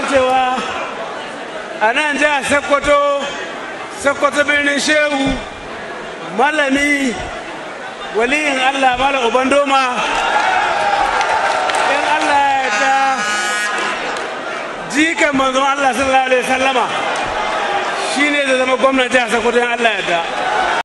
zo cewa a nan jihar sokoto sokoto birnin shehu malami waliyin allah bala uban doma in allah ya ta jikan manzon allah sallallahu alaihi sallama shine da zama gwamnan jihar sokoto in allah ya ta